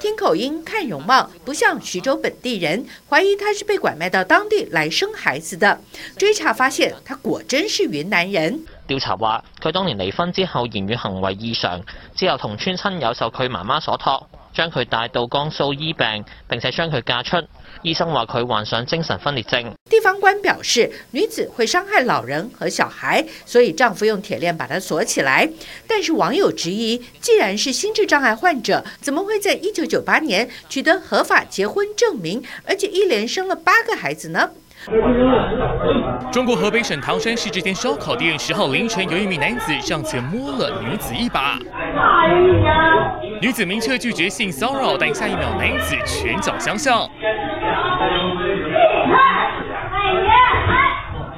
聽口音、看容貌，不像徐州本地人，懷疑他是被拐賣到當地來生孩子的。追查發現，他果真是雲南人。調查話，佢當年離婚之後言語行為異常，之後同村親友受佢媽媽所託，將佢帶到江蘇醫病，並且將佢嫁出。醫生話佢患上精神分裂症。地方官表示，女子會傷害老人和小孩，所以丈夫用鐵鏈把她鎖起來。但是網友質疑，既然是心智障礙患者，怎麼會在一九九八年取得合法結婚證明，而且一連生了八個孩子呢？中國河北省唐山市這間燒烤店十號凌晨，有一名男子上前摸了女子一把。女子明確拒絕性騷擾，但下一秒男子拳腳相向。